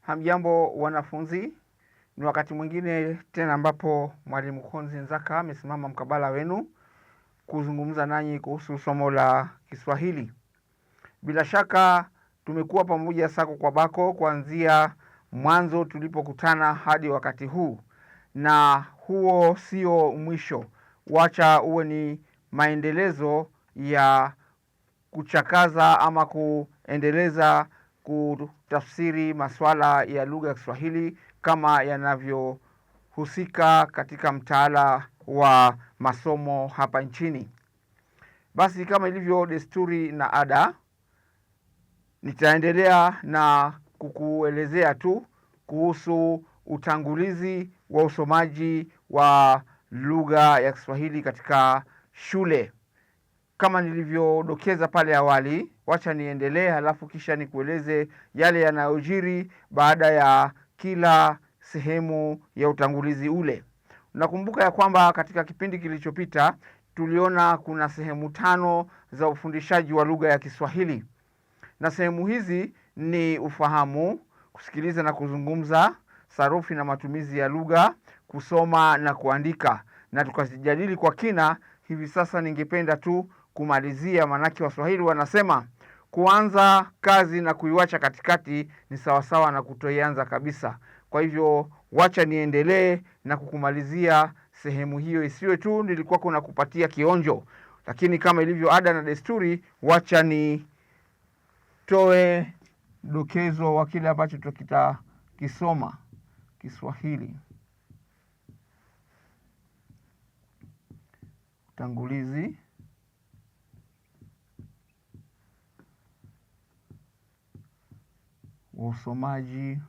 Hamjambo wanafunzi, ni wakati mwingine tena ambapo mwalimu Konzi Nzaka amesimama mkabala wenu kuzungumza nanyi kuhusu somo la Kiswahili. Bila shaka tumekuwa pamoja sako kwa bako kuanzia mwanzo tulipokutana hadi wakati huu, na huo sio mwisho, wacha uwe ni maendelezo ya kuchakaza ama kuendeleza kutafsiri masuala ya lugha ya Kiswahili kama yanavyohusika katika mtaala wa masomo hapa nchini. Basi kama ilivyo desturi na ada, nitaendelea na kukuelezea tu kuhusu utangulizi wa usomaji wa lugha ya Kiswahili katika shule kama nilivyodokeza pale awali, wacha niendelee, halafu kisha nikueleze yale yanayojiri baada ya kila sehemu ya utangulizi ule. Nakumbuka ya kwamba katika kipindi kilichopita tuliona kuna sehemu tano za ufundishaji wa lugha ya Kiswahili, na sehemu hizi ni ufahamu, kusikiliza na kuzungumza, sarufi na matumizi ya lugha, kusoma na kuandika, na tukazijadili kwa kina. Hivi sasa ningependa tu kumalizia, maanake Waswahili wanasema kuanza kazi na kuiwacha katikati ni sawasawa na kutoianza kabisa. Kwa hivyo wacha niendelee na kukumalizia sehemu hiyo, isiwe tu nilikuwa kuna kupatia kionjo, lakini kama ilivyo ada na desturi, wacha nitoe dokezo wa kile ambacho tutakisoma Kiswahili. Utangulizi. usomaji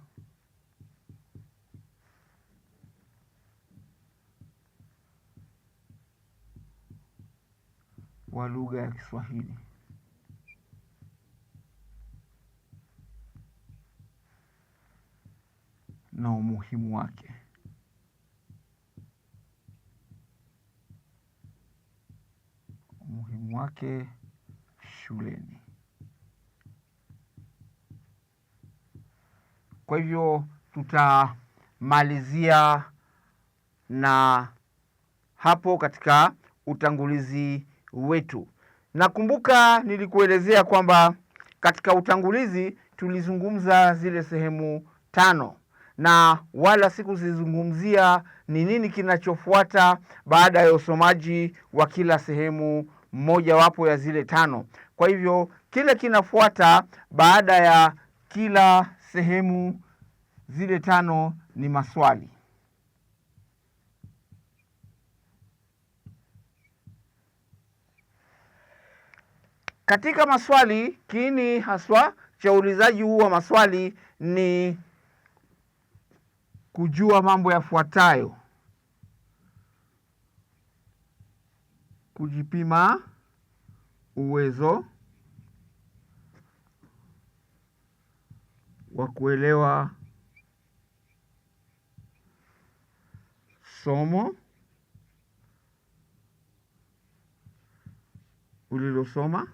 wa lugha ya Kiswahili. na umuhimu wake. Umuhimu wake shuleni. Kwa hivyo tutamalizia na hapo katika utangulizi wetu. Nakumbuka nilikuelezea kwamba katika utangulizi tulizungumza zile sehemu tano na wala sikuzizungumzia ni nini kinachofuata baada ya usomaji wa kila sehemu mojawapo ya zile tano. Kwa hivyo kile kinafuata baada ya kila sehemu zile tano ni maswali. Katika maswali, kiini haswa cha uulizaji huu wa maswali ni kujua mambo yafuatayo: kujipima uwezo wa kuelewa somo ulilosoma.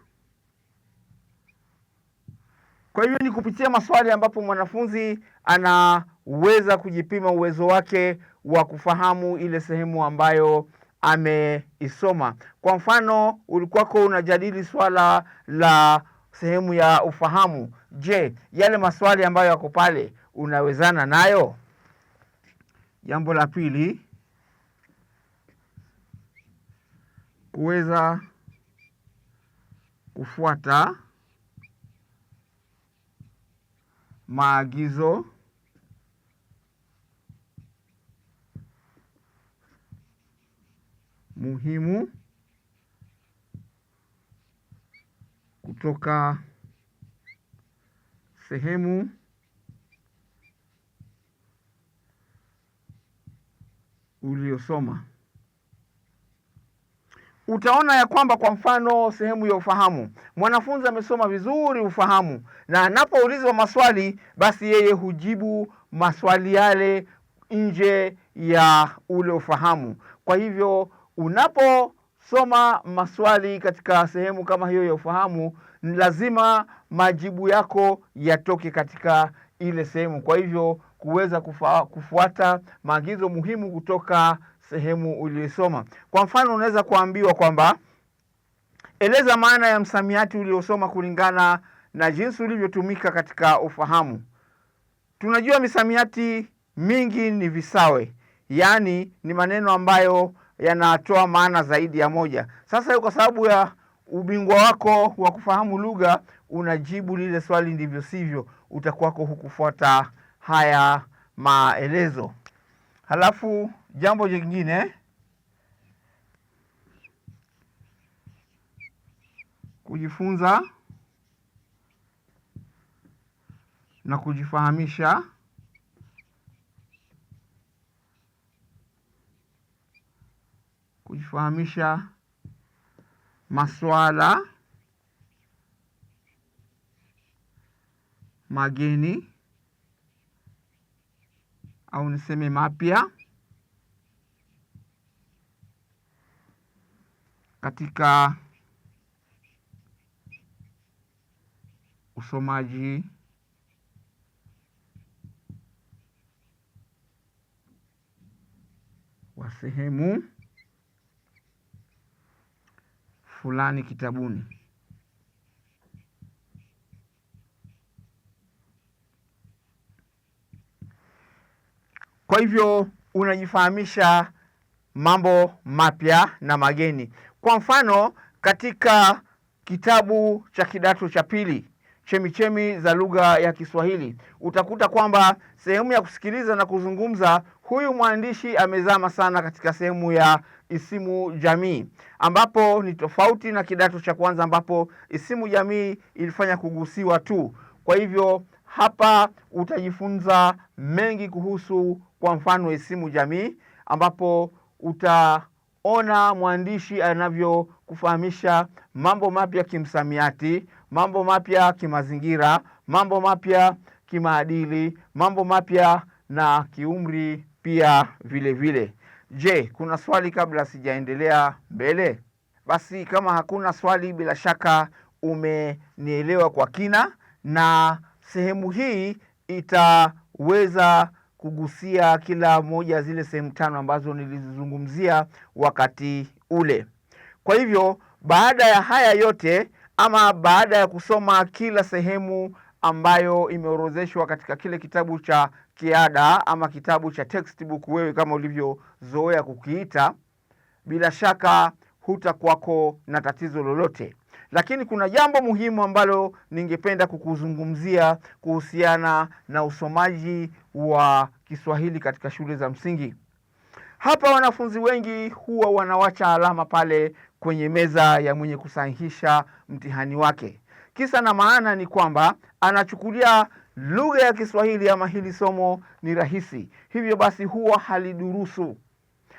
Kwa hiyo ni kupitia maswali ambapo mwanafunzi anaweza kujipima uwezo wake wa kufahamu ile sehemu ambayo ameisoma. Kwa mfano, ulikuwako unajadili swala la sehemu ya ufahamu. Je, yale maswali ambayo yako pale unawezana nayo? Jambo la pili, kuweza kufuata maagizo muhimu kutoka Sehemu uliosoma utaona ya kwamba kwa mfano sehemu ya ufahamu, mwanafunzi amesoma vizuri ufahamu, na anapoulizwa maswali, basi yeye hujibu maswali yale nje ya ule ufahamu. Kwa hivyo unaposoma maswali katika sehemu kama hiyo ya ufahamu, lazima majibu yako yatoke katika ile sehemu. Kwa hivyo kuweza kufa, kufuata maagizo muhimu kutoka sehemu uliyosoma. Kwa mfano, unaweza kuambiwa kwamba eleza maana ya msamiati uliosoma kulingana na jinsi ulivyotumika katika ufahamu. Tunajua misamiati mingi ni visawe, yaani ni maneno ambayo yanatoa maana zaidi ya moja. Sasa kwa sababu ya ubingwa wako wa kufahamu lugha unajibu lile swali ndivyo sivyo, utakuwako hukufuata haya maelezo. Halafu jambo jingine kujifunza na kujifahamisha kujifahamisha maswala mageni au niseme mapya katika usomaji wa sehemu fulani kitabuni. Kwa hivyo unajifahamisha mambo mapya na mageni. Kwa mfano, katika kitabu cha kidato cha pili Chemichemi za Lugha ya Kiswahili utakuta kwamba sehemu ya kusikiliza na kuzungumza, huyu mwandishi amezama sana katika sehemu ya isimu jamii, ambapo ni tofauti na kidato cha kwanza ambapo isimu jamii ilifanya kugusiwa tu. Kwa hivyo hapa utajifunza mengi kuhusu, kwa mfano, isimu jamii, ambapo utaona mwandishi anavyokufahamisha mambo mapya kimsamiati, mambo mapya kimazingira, mambo mapya kimaadili, mambo mapya na kiumri pia vilevile vile. Je, kuna swali kabla sijaendelea mbele? Basi kama hakuna swali, bila shaka umenielewa kwa kina, na sehemu hii itaweza kugusia kila moja zile sehemu tano ambazo nilizizungumzia wakati ule. Kwa hivyo baada ya haya yote ama baada ya kusoma kila sehemu ambayo imeorodheshwa katika kile kitabu cha kiada ama kitabu cha textbook wewe kama ulivyozoea kukiita, bila shaka hutakuwako na tatizo lolote. Lakini kuna jambo muhimu ambalo ningependa kukuzungumzia kuhusiana na usomaji wa Kiswahili katika shule za msingi. Hapa wanafunzi wengi huwa wanawacha alama pale kwenye meza ya mwenye kusahihisha mtihani wake. Kisa na maana ni kwamba anachukulia Lugha ya Kiswahili ama hili somo ni rahisi, hivyo basi huwa halidurusu.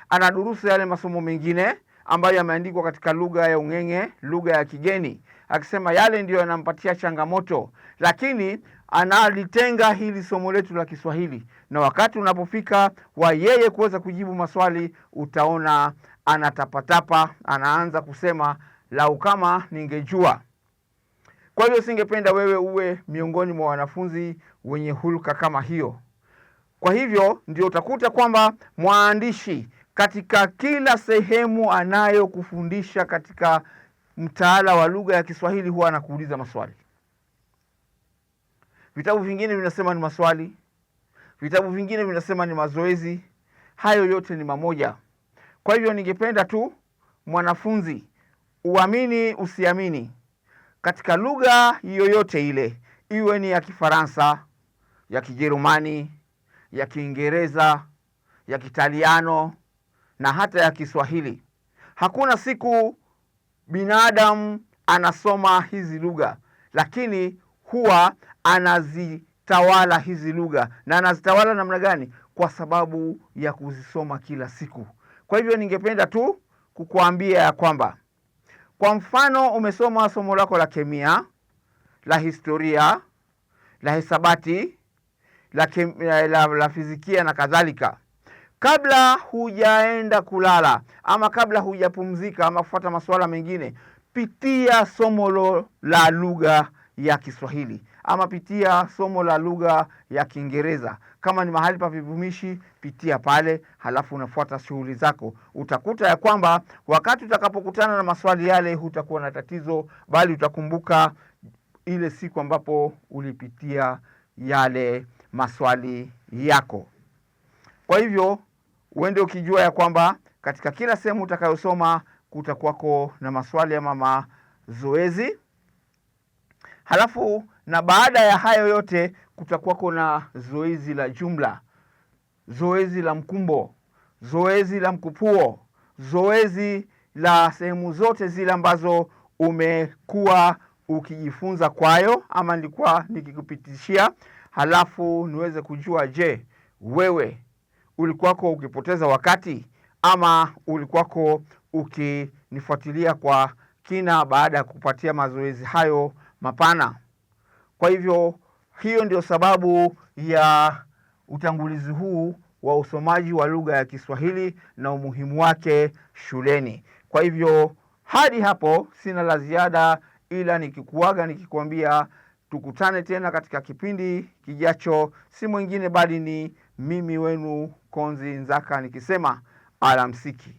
Anadurusu yale masomo mengine ambayo yameandikwa katika lugha ya ung'eng'e, lugha ya kigeni, akisema yale ndiyo yanampatia changamoto, lakini analitenga hili somo letu la Kiswahili, na wakati unapofika wa yeye kuweza kujibu maswali, utaona anatapatapa, anaanza kusema lau kama ningejua. Kwa hivyo singependa wewe uwe miongoni mwa wanafunzi wenye hulka kama hiyo. Kwa hivyo ndio utakuta kwamba mwandishi katika kila sehemu anayokufundisha katika mtaala wa lugha ya Kiswahili huwa anakuuliza maswali. Vitabu vingine vinasema ni maswali, vitabu vingine vinasema ni mazoezi. Hayo yote ni mamoja. Kwa hivyo ningependa tu mwanafunzi, uamini usiamini katika lugha yoyote ile, iwe ni ya Kifaransa, ya Kijerumani, ya Kiingereza, ya Kitaliano na hata ya Kiswahili. Hakuna siku binadamu anasoma hizi lugha, lakini huwa anazitawala hizi lugha. Na anazitawala namna gani? Kwa sababu ya kuzisoma kila siku. Kwa hivyo, ningependa tu kukuambia ya kwamba kwa mfano, umesoma somo lako la kemia, la historia, la hisabati, la, kem, la, la, la fizikia na kadhalika. Kabla hujaenda kulala ama kabla hujapumzika ama kufuata masuala mengine, pitia somo la lugha ya Kiswahili ama pitia somo la lugha ya Kiingereza. Kama ni mahali pa vivumishi, pitia pale, halafu unafuata shughuli zako. Utakuta ya kwamba wakati utakapokutana na maswali yale, hutakuwa na tatizo, bali utakumbuka ile siku ambapo ulipitia yale maswali yako. Kwa hivyo uende ukijua ya kwamba katika kila sehemu utakayosoma kutakuwako na maswali ama mazoezi halafu na baada ya hayo yote kutakuwako na zoezi la jumla, zoezi la mkumbo, zoezi la mkupuo, zoezi la sehemu zote zile ambazo umekuwa ukijifunza kwayo, ama nilikuwa nikikupitishia, halafu niweze kujua, je, wewe ulikuwako ukipoteza wakati ama ulikuwako ukinifuatilia kwa kina baada ya kupatia mazoezi hayo mapana. Kwa hivyo hiyo ndio sababu ya utangulizi huu wa usomaji wa lugha ya Kiswahili na umuhimu wake shuleni. Kwa hivyo hadi hapo sina la ziada, ila nikikuaga nikikwambia tukutane tena katika kipindi kijacho, si mwingine bali ni mimi wenu Konzi Nzaka nikisema alamsiki.